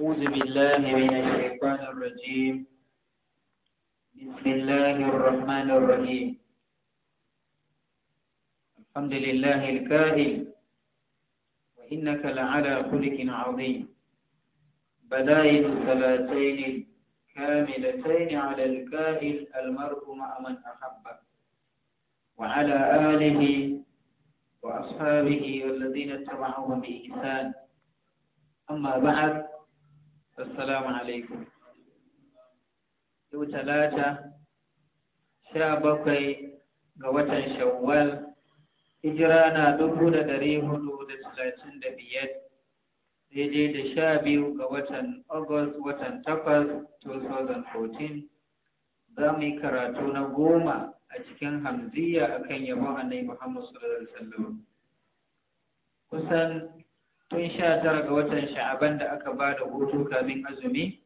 أعوذ بالله من الشيطان الرجيم بسم الله الرحمن الرحيم الحمد لله الكاهل وإنك لعلى خلق عظيم بدائل الثلاثين الكاملتين على الكاهل المرء مع من أحبه وعلى آله وأصحابه والذين اتبعوهم بإحسان أما بعد assalamu alaikum yau talata sha bakwai ga watan shawwal hijira na dubu da dari hudu da talatin da biyar daidai da sha biyu ga watan agus watan takwas 2014 za mu yi karatu na goma a cikin hamziya akan yabon annabi muhammad sallallahu alaihi wasallam kusan tun sha tara ga watan sha'aban da aka ba da hutu kamin azumi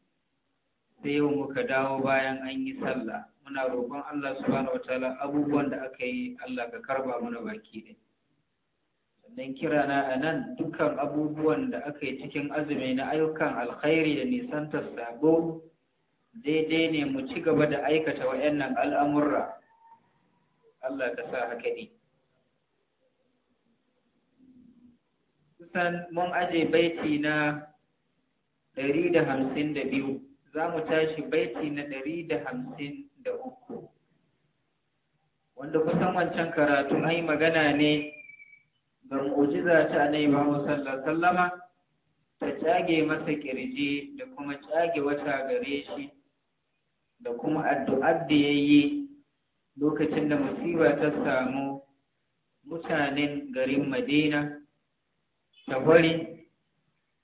sai yau muka dawo bayan an yi sallah muna roƙon Allah subhanahu wataala abubuwan da aka yi Allah ka karba mana baki ɗaya sannan kira na a nan dukkan abubuwan da aka yi cikin azumi na ayyukan alkhairi da nisantar sabo daidai ne mu ci gaba da aikata wa'annan al'amurra Allah ka sa haka ne san mun aje baiti na ɗari da hamsin da biyu za mu tashi baiti na ɗari da hamsin da uku wanda kusan wancan karatu an yi magana ne ga mu'ujiza ta annabi Muhammad sallallahu alaihi wasallama ta cage masa kirji da kuma cage wata gare shi da kuma addu'ar da yayi lokacin da musiba ta samu mutanen garin Madina shagwari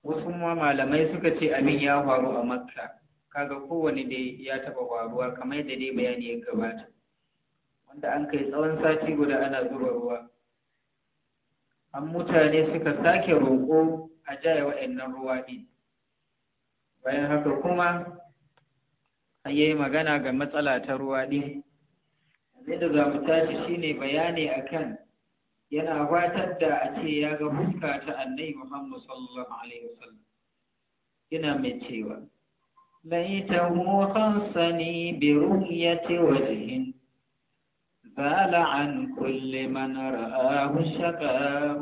wasu ma malamai suka ce abin ya faru a makka kaga kowane dai ya taba faruwa kamar yadda dai bayani ya gabata wanda an kai tsawon sati guda ana zuba ruwa an mutane suka sake roƙo a jaya wa'annan ruwa ɗin bayan haka kuma an yi magana ga matsala ta ruwa ɗin yanzu za mu tashi shine bayani akan yana watar da a ce ya ga fuska ta annabi Muhammad sallallahu alaihi wasallam yana mai cewa ليته خصني برؤية وجه زال عن كل من رآه الشقام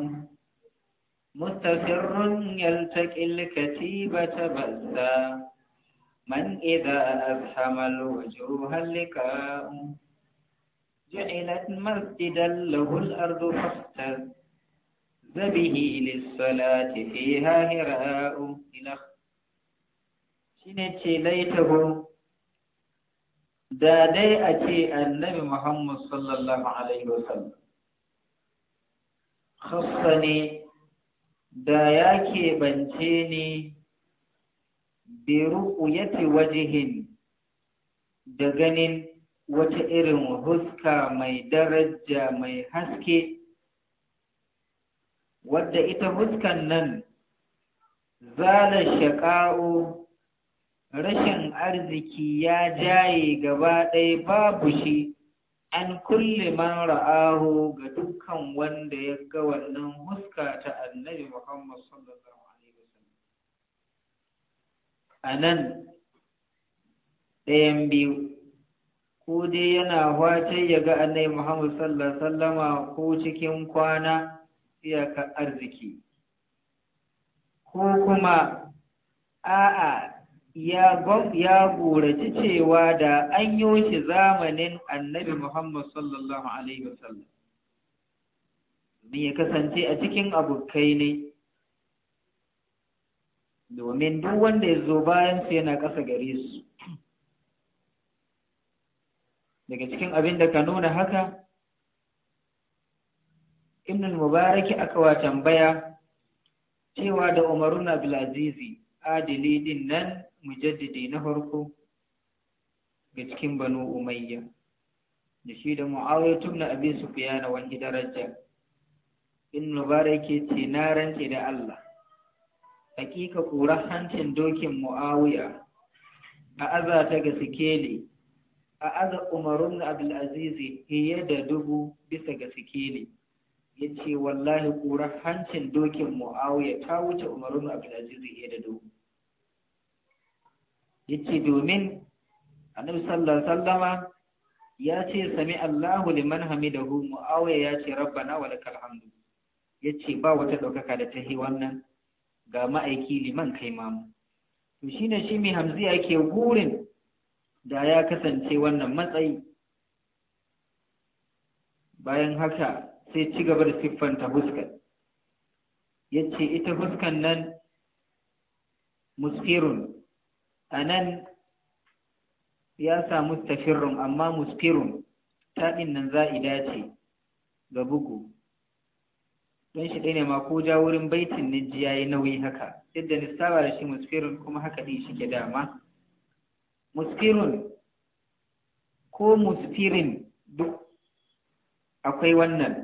مستفر يلتقي الكتيبة بزا من إذا أزحم الوجوه اللقاء جعلت مسجدا له الأرض فاستذ به للصلاة فيها هراء إلى shine ce da dai a ce annabi Muhammad sallallahu alaihi wasallam ne da ya keɓance ni bi ru'yati wajihin da ganin wata irin huska mai daraja mai haske wadda ita huskan nan zala shaƙa'u rashin arziki ya jaye gaba ɗaya babu shi an kulle man ra'ahu ga dukkan wanda ya ga wannan huska ta annabi Muhammad sallallahu alaihi wasallam anan ɗayan biyu ko dai yana wacin ya ga annai Muhammad sallallahu alaihi wasallama ko cikin kwana iyaka arziki ko kuma a'a ya ya goraci cewa da an yi shi zamanin annabi Muhammad sallallahu alaihi wasallam ya kasance a cikin abokai ne domin duk wanda ya zo bayan su yana ƙasa gare su daga cikin abin da ka nuna haka ibnul mubaraki aka wa tambaya cewa da na bilazizi adili din nan mujaddidi na farko ga cikin banu umayya da shi da mu'awiyar na abin su fiya na wani daraja in mubaraki ce na rance da allah hakika kura hancin dokin mu'awiya a azata ga sikeli a aza umarun abdulazizi fiye da dubu bisa ga sikeli ya ce wallahi kura hancin dokin mu'awiya ta wuce umarun abdulazizi fiye da dubu ya ce domin annabi sallallahu sallama ya ce sami allahu liman hamidahu mu'awiya ya ce rabbana wa lakal hamdu ya ce ba wata ɗaukaka da ta wannan ga ma'aiki liman kai mamu to shine shi mai hamziya ke gurin. da ya kasance wannan matsayi bayan haka sai ci gaba da siffanta huskan ya ce ita huskan nan muskirun a nan ya samu tafirun amma muskirun taɗin nan a ce ga bugu don shi ɗaya ne ma ko ja wurin baitin nijiya ya nauyi haka yadda da nisaba da shi muskirun kuma haka ɗin shi ke dama muskirun ko muskirin duk akwai wannan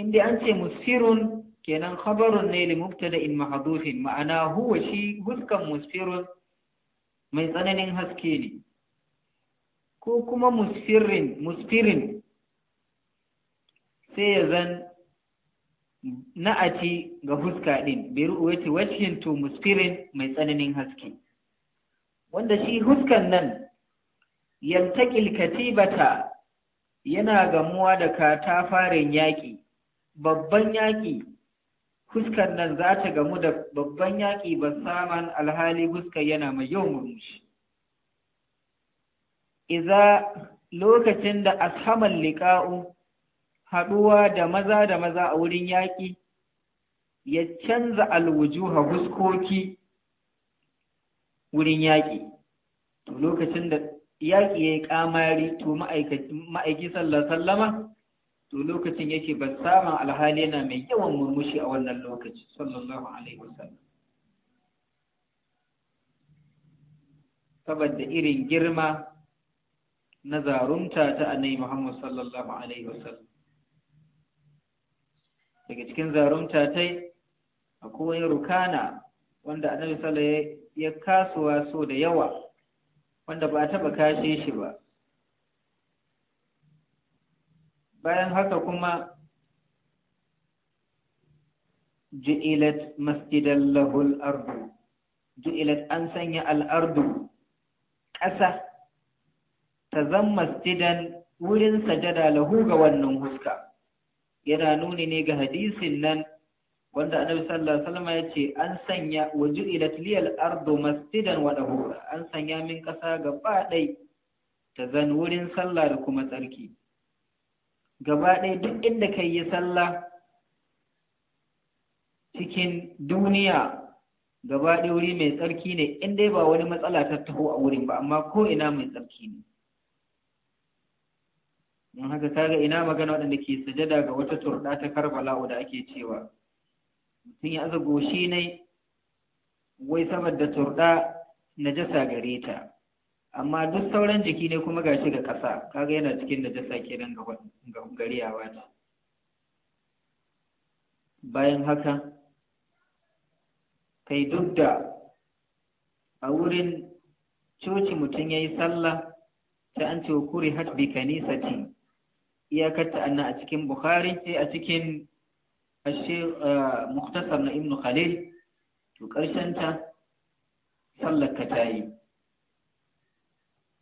inda an ce muskirun kenan khabarun ne li mubtada'in mahdufin ma'ana huwa shi huskan muskirun mai tsananin haske ne ko kuma musfirin muskirin sai ya zan na'ati ga huska din bi ru'yati wajhin to musfirin mai tsananin haske wanda shi huskan nan yaltaƙil katibata yana gamuwa da katafaren yaƙi babban yaƙi huskan nan za ta gamu da babban yaƙi ba saman alhali huskan yana mai yau murmushi iza lokacin da ashaman liƙa'u haɗuwa da maza da maza a wurin yaƙi ya canza alwujuha huskoki wurin yaƙi to lokacin da yaƙi ya yi ƙamari to ma'aiki sallar sallama to lokacin yake ba samun alhali yana mai yawan murmushi a wannan lokaci sallallahu alaihi wasallam saboda irin girma na zarumta ta annai Muhammad sallallahu alaihi wasallam daga cikin zarumta ta akwai rukana wanda annabi sallallahu ya kasuwa so da yawa wanda ba a taɓa kashe shi ba bayan haka kuma ju'ilat masjidan lahul ardu ju'ilat an sanya al'ardu ƙasa ta zan masjidan wurin sajada lahu ga wannan huska yana nuni ne ga hadisin nan wanda annabi sallallahu alaihi wasallam ya ce an sanya ila Tiliyal ardu masjidan wa dahura an sanya min kasa gaba dai ta zan wurin sallah da kuma tsarki gaba dai duk inda kai yi sallah cikin duniya gaba dai wuri mai tsarki ne in ba wani matsala ta taho a wurin ba amma ko ina mai tsarki ne don haka kaga ina magana waɗanda ke sajada ga wata turda ta karbala da ake cewa sun ya aza goshi ne wai saboda turɗa najasa gare ta amma duk sauran jiki ne kuma ga shi ga ƙasa kaga yana cikin najasa nan ga a ta bayan haka kai duk da a wurin coci mutum ya yi sallah ta an ce kuri hat bi kanisati iyakarta anna a cikin bukhari sai a cikin Eh, muktasar na ibnu khalil to ta sallar ka tayi.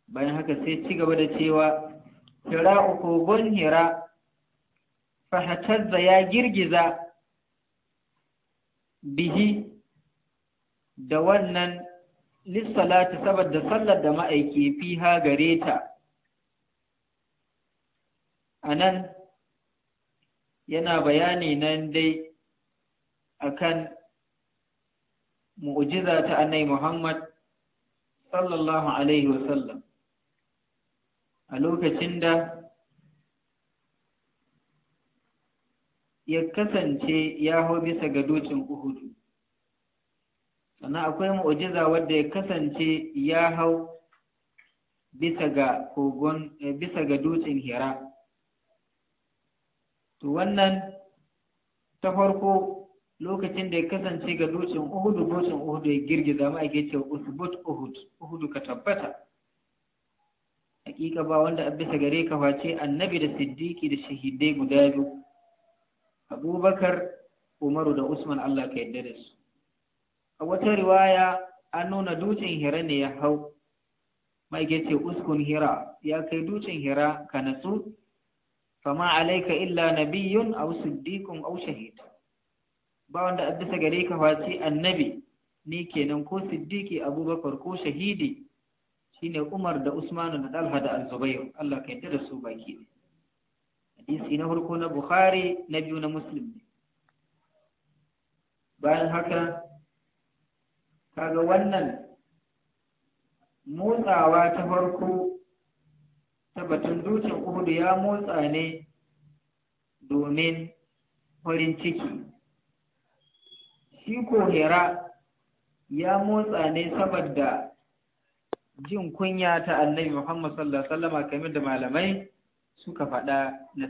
bayan haka sai ci gaba da cewa hira uku hira fahatazza ya girgiza bihi da wannan lissalati saboda sallar da ma'aiki fiha gare ta a nan yana bayani nan dai akan mu'jiza ta annai Muhammad sallallahu alaihi wasallam a lokacin da ya kasance ya hau bisa ga dokin Uhudu. Sannan akwai mu'jiza wadda ya kasance ya hau bisa ga kogon eh, bisa ga dutsen Hira. to wannan ta farko lokacin da ya kasance ga dutsen uhudu dutsen uhudu ya girgiza mu ake cewa usbut uhud uhudu ka tabbata hakika ba wanda a bisa gare ka face annabi da siddiki da shahidai guda biyu abubakar umaru da usman allah ka yadda da su a wata riwaya an nuna dutsen hira ne ya hau ma'aikace uskun hira ya kai dutsen hira ka natsu fama alaika illa nabiyyun aw siddiqun aw shahid ba wanda addasa gare ka annabi ni kenan ko siddiqi abubakar ko shahidi shine umar da Usmanu da dalha da al Allah ka yadda da su baki hadisi na farko na bukhari na biyu na muslim bayan haka kaga wannan motsawa ta farko tabbatun dutsen uhudu ya motsa ne domin farin ciki shi ko hera ya motsa ne saboda jin kunya ta annabi muhammad sallallahu alaihi wasallama kamar da malamai suka faɗa na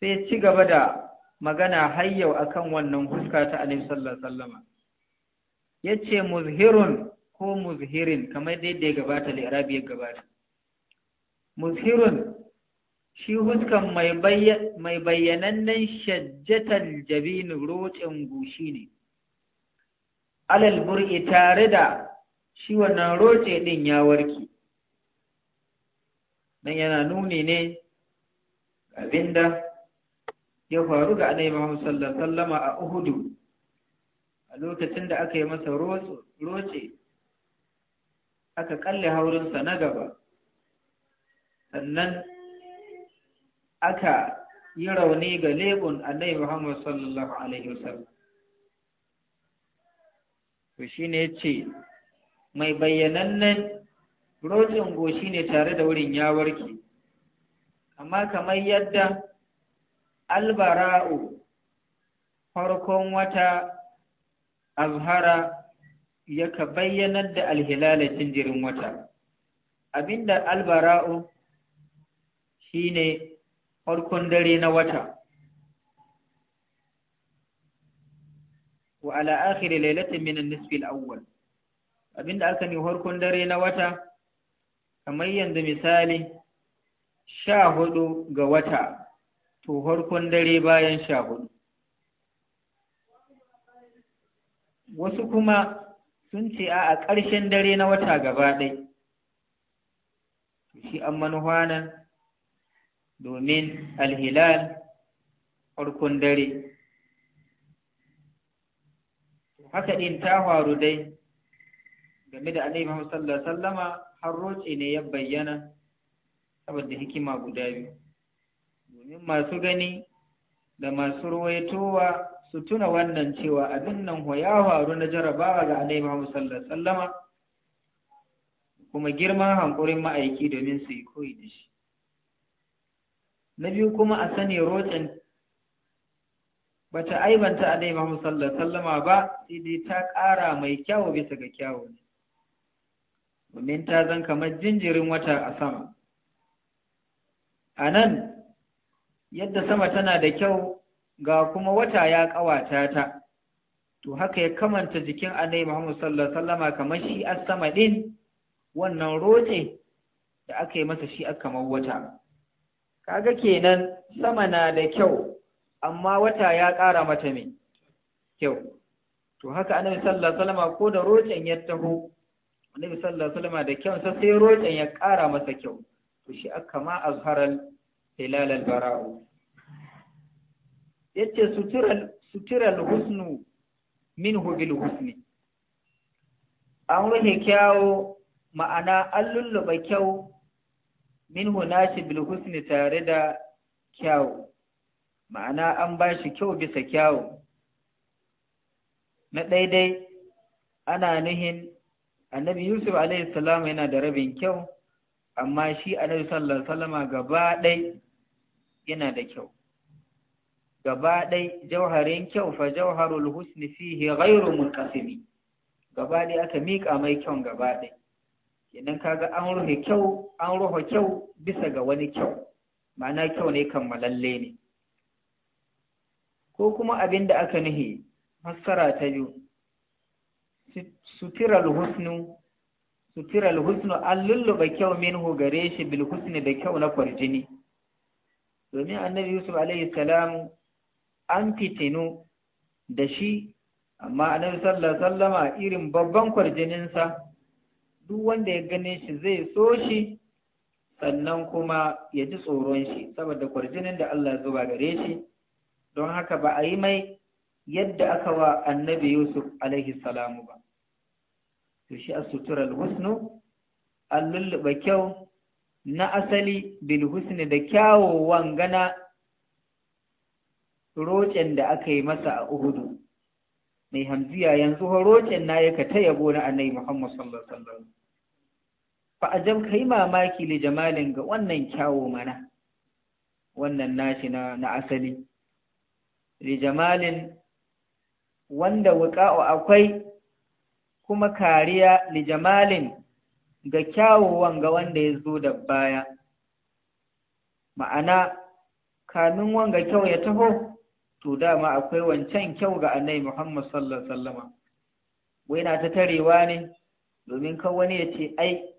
sai ci gaba da magana har akan wannan huska ta Annabi sallallahu alaihi wasallama yace muzhirun ko muzhirin kamar da yadda ya gabata da Arabi gabata mushirun shi huskan mai bayyanannen shajjatar jabin rocin gushi ne alal burki tare da shi wannan roce ɗin ya warke nan yana nuni ne abinda ya faru ga anai Muhammad sallallahu a Uhudu a lokacin da aka yi masa roce aka kalle haurinsa na gaba sannan aka yi rauni ga lebun annabi Muhammad sallallahu alaihi wasallam to ne ce, mai bayyanannen rojin shi ne tare da wurin ya warke amma kamar yadda albara'u farkon wata azhara yaka bayyanar da alhilala jinjirin wata abinda albara'u shine farkon dare na wata wa ala akhiri lailatin min an-nisfi al-awwal abinda aka ne farkon dare na wata kamar yanzu misali sha hudu ga wata to farkon dare bayan sha hudu wasu kuma sun ce a ƙarshen dare na wata gaba ɗai shi an manuwa nan domin alhilal farkon dare haka ɗin ta faru dai game da annabi Muhammad sallallahu alaihi wasallama har roce ne ya bayyana saboda hikima guda biyu domin masu gani da masu ruwaitowa su tuna wannan cewa abin nan ya faru na jarabawa ga annabi Muhammad sallallahu alaihi wasallama kuma girman hankurin ma'aiki domin su yi koyi da shi na biyu kuma a sani rocin bata aibanta a Muhammad musallar sallama ba sai dai ta ƙara mai kyawu bisa ga kyawu ne domin ta zan kamar jinjirin wata a sama a nan yadda sama tana da kyau ga kuma wata ya ƙawata ta to haka ya kamanta jikin alai Muhammad sallallahu alaihi kamar shi as-sama din wannan roce da aka yi masa shi a kamar wata kaga kenan sama na da kyau amma wata ya ƙara mata mai kyau to haka annabi sallallahu alaihi wasallam ko da rocen ya taho annabi sallallahu alaihi wasallam da kyau sa sai rocen ya ƙara masa kyau to shi aka ma azharal hilal al bara'u yace sutural sutural husnu minhu bil husni an wani kyawo ma'ana an lulluɓa kyau minhu nashi bil husni tare da kyau, ma'ana an ba shi kyau bisa kyawu na daidai ana nuhin annabi yusuf alaihi salam yana da rabin kyau amma shi annabi sallallahu alaihi gaba ɗai yana da kyau gaba ɗai jauharin kyau fa jauharul husni fihi ghairu munqasimi gaba ɗai aka miƙa mai kyau gaba ɗai kenan kaga an ruhe kyau an ruha kyau bisa ga wani kyau ma'ana kyau ne kammalalle ne ko kuma abin da aka nuhi fassara ta biyu sutiral husnu sutiral husnu an lulluɓa kyau minhu gare shi bil husni da kyau na kwarjini domin annabi yusuf alaihi salam an fitinu da shi amma annabi sallallahu alaihi irin babban kwarjininsa duk wanda ya gane shi zai so shi sannan kuma ya ji tsoron shi saboda kwarjinin da Allah ya zuba gare shi don haka ba a yi mai yadda aka wa annabi Yusuf alaihi salamu ba to shi asutura sutural husnu an lulluɓa kyau na asali bil husni da kyawowan gana rocen da aka yi masa a Uhudu mai hamziya yanzu horocen na yaka ta yabo na annabi Muhammad sallallahu alaihi wasallam fa ka yi mamaki li jamalin ga wannan kyawo mana wannan nashi na na asali li jamalin wanda wuqa'u akwai kuma kariya li jamalin ga kyawo wanga wanda ya zo da baya ma'ana kamin wanga kyau ya taho to dama akwai wancan kyau ga annabi Muhammad sallallahu alaihi wasallama wai na ta tarewa ne domin kan wani ya ce ai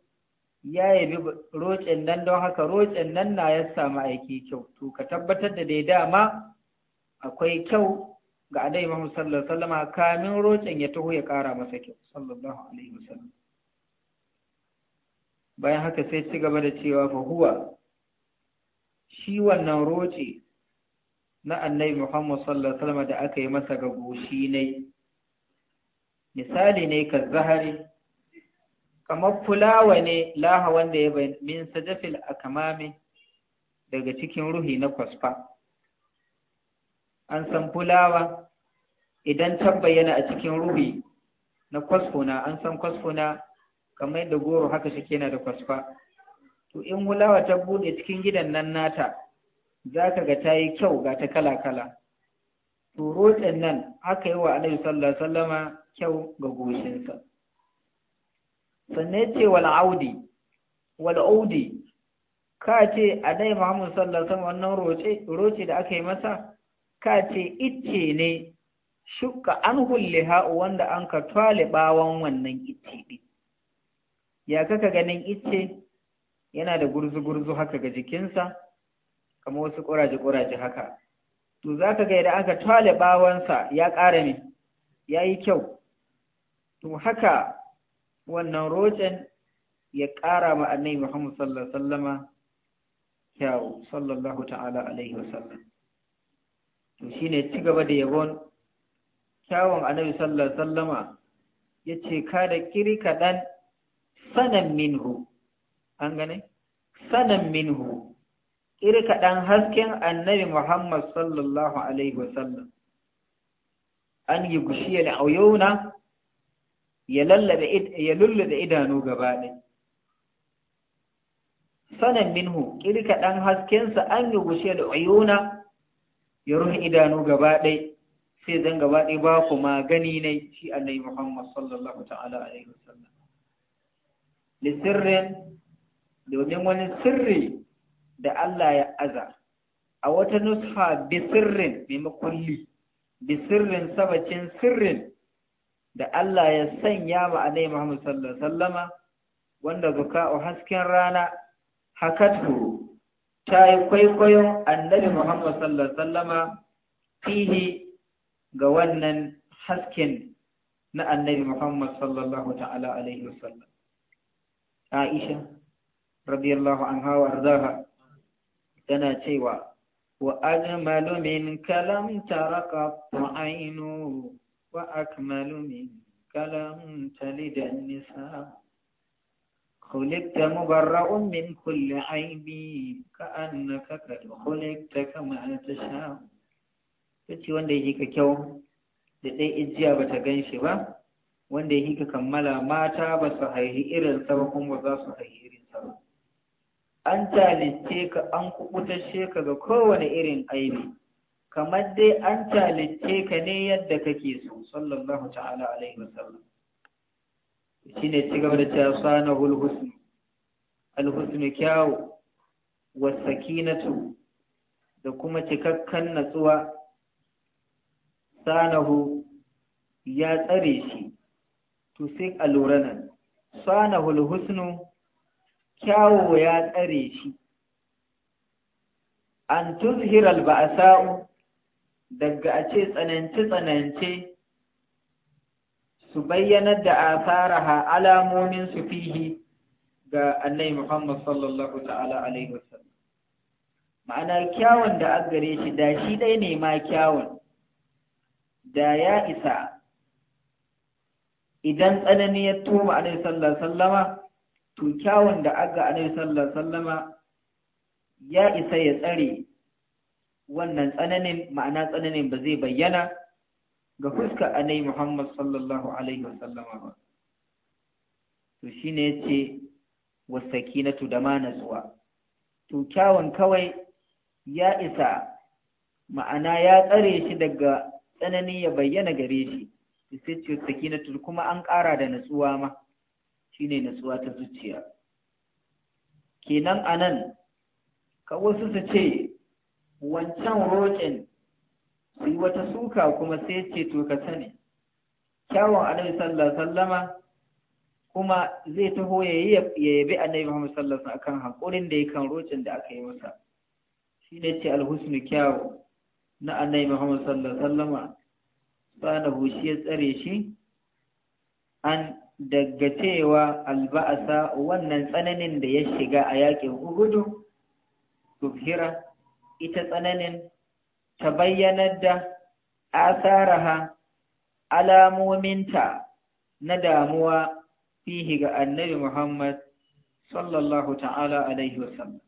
ya yabi rocen nan don haka rocen nan na ya samu aiki kyau to ka tabbatar da dai dama akwai kyau ga adai Muhammad sallallahu alaihi kamin rocen ya taho ya kara masa kyau sallallahu alaihi wasallam bayan haka sai ci gaba da cewa fa huwa shi wannan roce na annabi Muhammad sallallahu alaihi wasallam da aka yi masa ga goshi ne misali ne ka zahari kamar fulawa ne laha wanda ya bayyana min sajafil akamami daga cikin ruhi na kwasfa an san fulawa idan ta bayyana a cikin ruhi na kwasfuna an san kwasfuna kamar yadda goro haka shi kena da kwasfa to in fulawa ta bude cikin gidan nan nata za ka ga ta yi kyau ga ta kala-kala to roɗin nan aka yi wa annabi sallallahu alaihi wasallama kyau ga goshinsa sannan ce wal'audi audi ka ce a dai Muhammad sallallahu alaihi wannan roce da aka yi masa ka ce icce ne shukka an hulle ha'u wanda an ka twale bawon wannan icce din ya kaka ganin icce yana da gurzu gurzu haka ga jikinsa kamar wasu ƙuraje ƙuraje haka to za ka ga idan aka twale bawansa ya ƙara ne ya yi kyau to haka wannan rojan ya ƙara ma annabi Muhammad sallallahu alaihi wasallama kyawu sallallahu ta'ala alaihi wasallam to shine ci gaba da yabon kyawun annabi sallallahu alaihi ce yace kada kiri kaɗan sanan minhu an gane sanan minhu kiri kaɗan hasken annabi Muhammad sallallahu alaihi wasallam an yi gushiyal auyuna ya da idanu gaba ɗai sanan minhu ƙirka ɗan haskensa an yi gushe da ayuna ya ruhi idanu gaba ɗai sai zan gaba ɗai ba kuma gani ne shi annabi muhammad sallallahu ta'ala alaihi wasallam lissirrin domin wani sirri da Allah ya aza a wata nusfa bi sirrin, maimakon li sirrin, sabacin sirrin da Allah ya sanya ma annabi Muhammad sallallahu alaihi wasallama wanda zuka'u hasken rana hakatu ta yi kwaikwayon annabi Muhammad sallallahu alaihi wasallama fihi ga wannan hasken na annabi Muhammad sallallahu ta'ala alaihi wasallam Aisha radiyallahu anha wa ardaha tana cewa wa ajmalu min kalam taraka ta'ainu وأكمل منك لم تلد النساء خلقت مبرأ من كل عيب كأنك قد خلقت كما تشاء tace wanda ya hika kyau da ɗai ijiya ba ta gan ba wanda ya hika kammala mata ba su haihi irinsa ba kuma za su haihi irinsa ba an talice ka an kubutashe ka ga kowane irin aibi kamar dai an calice ka ne yadda kake so sallallahu ta'ala alaihi wasallam shi ne ci gaba da cewa sana hulhusnu alhusnu kyawu sakinatu da kuma cikakken natsuwa sanahu ya tsare shi to sai a lura nan sanahu alhusnu kyawu ya tsare shi an tuzhira alba'asa'u daga a ce tsanance-tsanance su bayyanar da ha alamomin su fihi ga annai Muhammad sallallahu ta'ala alaihi wasallam. Ma'ana kyawun da an gare shi da shi ɗai ne ma kyawun da ya isa idan tsanani ya tuma alaihi sallallahu sallama to kyawun da aga alaihi sallallahu sallama ya isa ya tsare wannan tsananin ma'ana tsananin ba zai bayyana ga fuska anai Muhammad sallallahu alaihi wasallama ba to shine yace wasakinatu da ma natsuwa to kyawun kawai ya isa ma'ana ya tsare shi daga tsanani ya bayyana gare shi sai ce sakinatu kuma an ƙara da natsuwa ma shine natsuwa ta zuciya kenan anan ka wasu su ce wancan roƙin su yi wata suka kuma sai ce to ka sani kyawun annabi sallallahu alaihi sallama kuma zai taho ya ya yabi annabi Muhammad sallallahu alaihi akan hakurin da yakan roƙin da aka yi masa shi ne ce alhusnu kyawu na annabi Muhammad sallallahu alaihi sallama sana hushi ya tsare shi an daga cewa alba'asa wannan tsananin da ya shiga a yakin uhudu tufhira ita tsananin ta bayyanar da asaraha alamominta na damuwa fihi ga annabi Muhammad sallallahu ta'ala alaihi wasallam.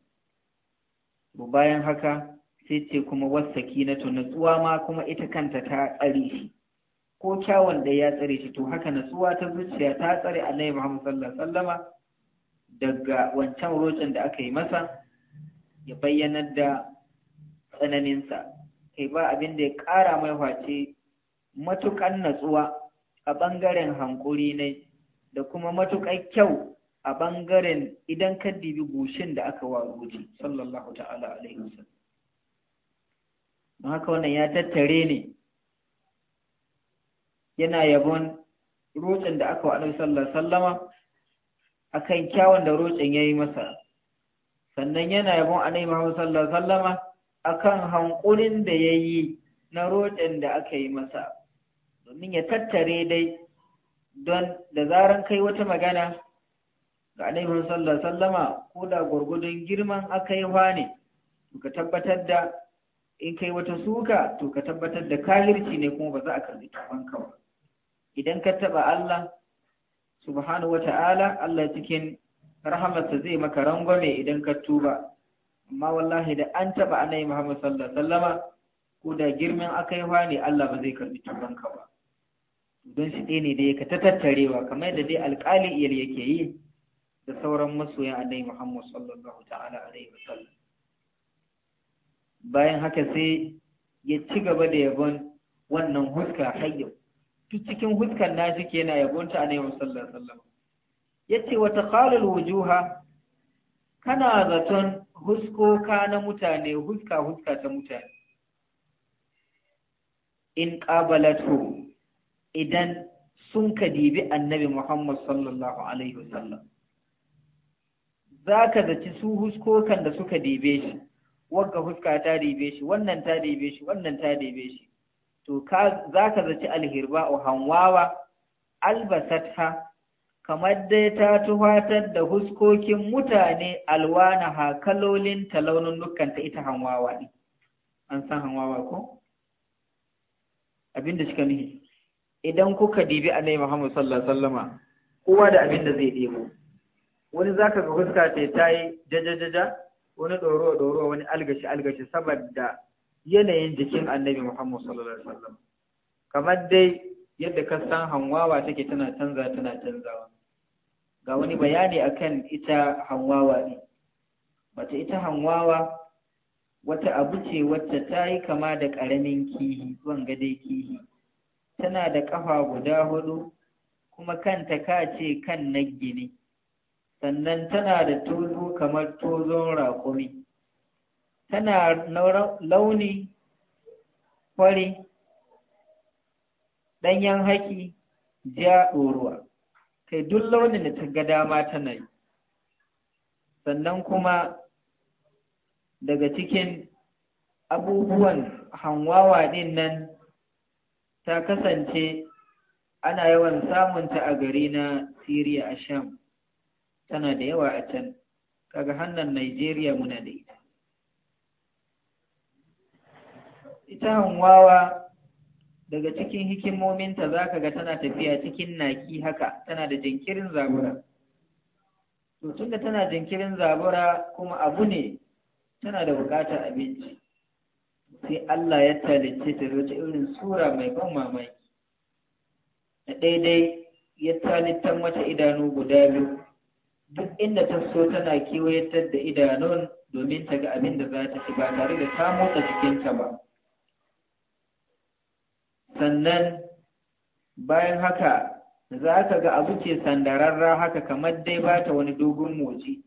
Bayan haka sai ce kuma wasaki na natsuwa ma kuma ita kanta ta tsare shi, ko kyawun da ya tsare shi to haka natsuwa ta zuciya ta tsare annabi Muhammad sallallahu sallama daga wancan rocin da aka yi masa ya bayyanar da tsananinsa kai ba abin da ya ƙara mai face matuƙan natsuwa a ɓangaren hankuri ne da kuma matuƙar kyau a ɓangaren idan ka dibi gushin da aka waruci sallallahu ta'ala alaihi wasallam haka wannan ya tattare ne yana yabon rocin da aka wa'adar sallar sallama a kan kyawun da rocin ya yi masa sannan yana yabon anai sallallahu sallar sallama akan hankulin da ya yi na roƙen da aka yi masa domin ya tattare dai don da zaran kai wata magana ga alaihi sallallahu sallama ko da gwargwadon girman aka yi ne to ka tabbatar da in kai wata suka to ka tabbatar da kahirci ne kuma ba za a karbi tafan ba idan ka taba Allah subhanahu wata'ala Allah cikin rahamarsa zai maka rangwame idan ka tuba amma wallahi da an taba annabi Muhammad sallallahu alaihi wasallama ko da girman akaiwa ne Allah ba zai karbi ka ba don shi ɗaya ne da yake ta tattarewa kamar yadda dai alƙali iyal yake yi da sauran masoyan annabi Muhammad sallallahu ta'ala alaihi wasallam bayan haka sai ya ci gaba da yabon wannan huska har yau cikin huskan na shi kenan yabon ta annabi sallallahu alaihi wasallam yace wa taqalul wujuha kana zaton huskoka na mutane huska huska ta mutane in qabalatu idan sun ka dibi annabi Muhammad sallallahu alaihi wasallam zaka zaci su huskokan da suka dibe shi wagga huska ta dibe shi wannan ta dibe shi wannan ta dibe shi to ka zaka zaci alhirba hanwawa albasatha kamar dai ta tuhatar da huskokin mutane alwana ha kalolin ta launin ta ita hanwawa ne an san hanwawa ko abin da suka nihi idan kuka dibi annabi Muhammad sallallahu alaihi wasallama kowa da abin da zai debo wani zaka ga huska ta tayi jajajaja wani doro doro wani algashi algashi saboda yanayin jikin annabi Muhammad sallallahu alaihi wasallam kamar dai yadda ka san hanwawa take tana canza tana canzawa ga wani bayani akan ita hanwawa ne wata ita hanwawa wata abu ce wacce ta yi kama da ƙaramin kihi wanga dai kihi tana da ƙafa guda hudu kuma kanta ka ce kan na gini sannan tana da tozo kamar tozon raƙumi tana launi kwari ɗanyen haƙi ja ɗoruwa kai duk launin da ta ga dama tana yi sannan kuma daga cikin abubuwan hanwawa din nan ta kasance ana yawan samunta a gari na siriya a sham tana da yawa a can kaga hannan nigeria muna da ita. Ita hanwawa daga cikin hikimominta za ka ga tana tafiya cikin naki haka tana da jinkirin zabura to da tana jinkirin zabura kuma abu ne tana da bukatar abinci sai Allah ya talice ta zo ta irin sura mai ban mamaki da daidai ya talittan mata idanu guda biyu duk inda ta so tana kewayatar da idanun domin ta ga abin da za ta ci ba tare da ta motsa jikinta ba. sannan bayan haka za ka ga abu ce sandararra haka kamar dai ba ta wani dogon motsi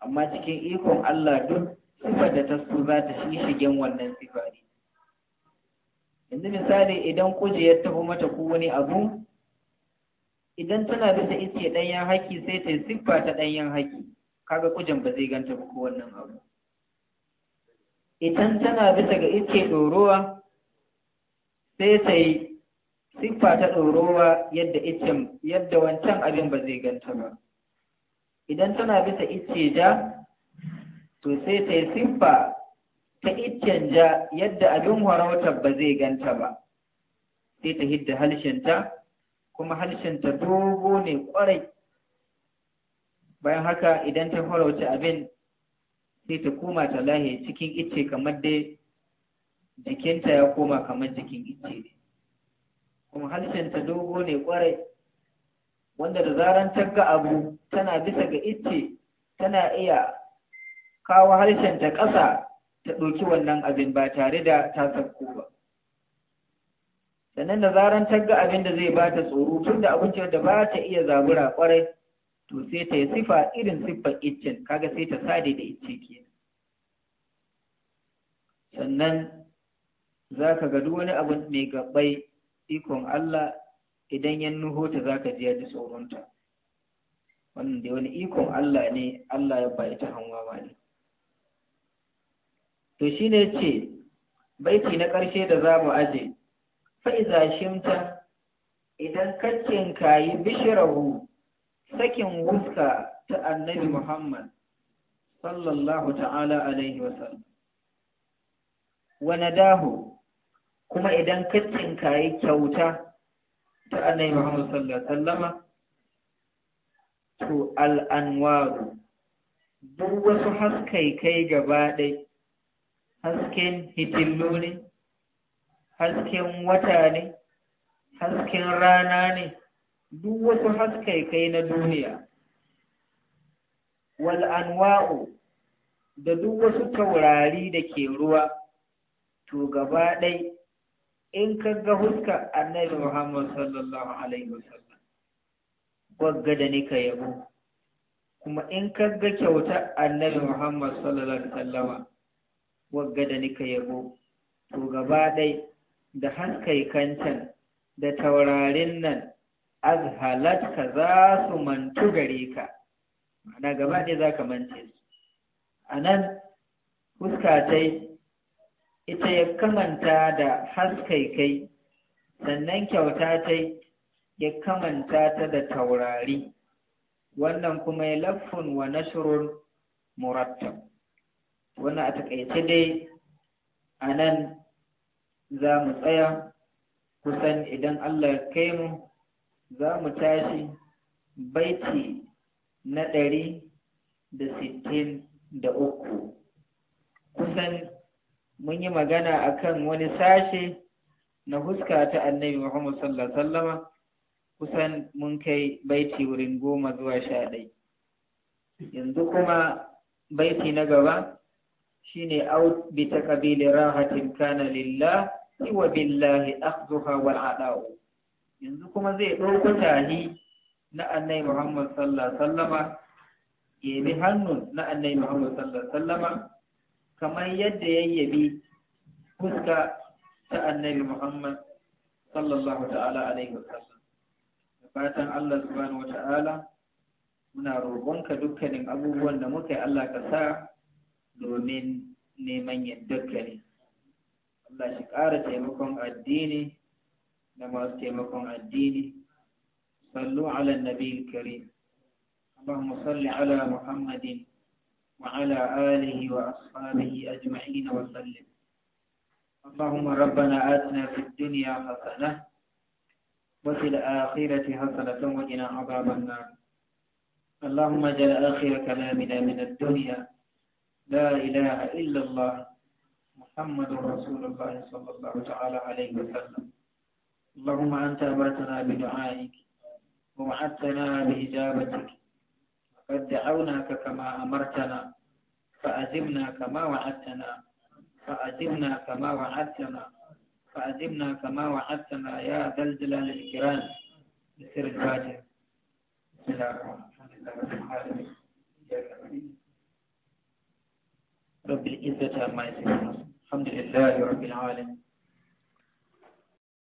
amma cikin ikon Allah duk sifar da ta so za ta shi shigen wannan sifari yanzu misali idan kuje ya tafi mata ko wani abu idan tana bisa iske ɗanyen haki sai ta siffa ta ɗanyen haki kaga kujen ba zai ganta ba ko wannan abu idan tana bisa ga iske ɗorowa sai sai siffa ta ɗorowa yadda iccen yadda wancan abin ba zai ganta ba idan tana bisa icce ja to sai ta siffa ta iccen ja yadda abin warauta ba zai ganta ba sai ta hidda halshenta kuma halshenta dogo ne kwarai bayan haka idan ta farauta abin sai ta koma ta lahe cikin icce kamar dai jikinta ya koma kamar jikin ice ne kuma ta dogo ne kwarai wanda da zaran ta ga abu tana bisa ga ice tana iya kawo harshenta kasa ta ɗauki wannan abin ba tare da ta sauko ba sannan da zaran ta ga abin da zai bata tsoro tun da abinci da ba ta iya zabura kwarai to sai ta yi sifa irin siffar iccen kaga sai ta sade da ice kenan sannan za ka ga duk wani abu mai gabai ikon Allah idan ya nuho ta za ka ji ya tsoronta wannan da wani ikon Allah ne Allah ya bai ta ba ne to shi ne ce baiti na ƙarshe da za mu aje fa'iza shimta idan kaccin kayi bishirahu sakin wuska ta annabi Muhammad sallallahu ta'ala alaihi wasallam wa kuma idan ka yi kyauta ta annabi Muhammad sallallahu alaihi to al'anwaru duk wasu haskai-kai gaba ɗai hasken hitillo ne hasken wata ne hasken rana ne duk wasu haskai-kai na duniya wal da duk wasu taurari da ke ruwa to gaba ɗai in ka ga huska annabi Muhammad sallallahu alaihi wasallam gwagga da ni ka yabo kuma in ka ga kyauta annabi Muhammad sallallahu alaihi wasallama gwagga da ni ka yabo to gaba ɗai da haskai kancan da taurarin nan ka za su mantu gare ka ana gaba ɗaya za ka mance su a nan huska tai. ita ya kamanta da haskai haske-kai, sannan kyauta ta ya kamanta ta da taurari wannan kuma ya laffun wa nashrun murattab wannan a takaice dai a nan za mu tsaya kusan idan Allah kai mu za mu tashi baiti na ɗari da sittin da uku kusan mun yi magana a kan wani sashe na huska ta annabi Muhammad sallallahu alaihi wasallama kusan mun kai baiti wurin goma zuwa sha ɗai yanzu kuma baiti na gaba ne au bi ƙabilin rahatin kana lillah iwa billahi akhdhuha wal ada'u yanzu kuma zai ɗauko tahi na annai Muhammad sallallahu alaihi wasallama yabi hannun na annai Muhammad sallallahu alaihi wasallama kamar yadda yayyabi fuska ta annabi Muhammad sallallahu ta'ala alaihi wa sallam da fatan Allah subhanahu wa ta'ala muna roƙonka dukkanin abubuwan da muka yi Allah ka sa domin neman yadda ne Allah shi ƙara taimakon addini da masu taimakon addini sallu ala nabi karim اللهم صل على محمد وعلى آله وأصحابه أجمعين وسلم اللهم ربنا آتنا في الدنيا حسنة وفي الآخرة حسنة وقنا عذاب النار اللهم اجعل آخر كلامنا من الدنيا لا إله إلا الله محمد رسول الله صلى الله تعالى عليه وسلم اللهم أنت أمرتنا بدعائك ووعدتنا بإجابتك قد دعوناك كما أمرتنا فأزمنا كما وعدتنا فأزمنا كما وعدتنا فأزمنا كما وعدتنا يا ذا الجلال الإكرام بسر الفاتح بسم الله الرحمن الرحيم رب العزة عما يصفون الحمد لله رب العالمين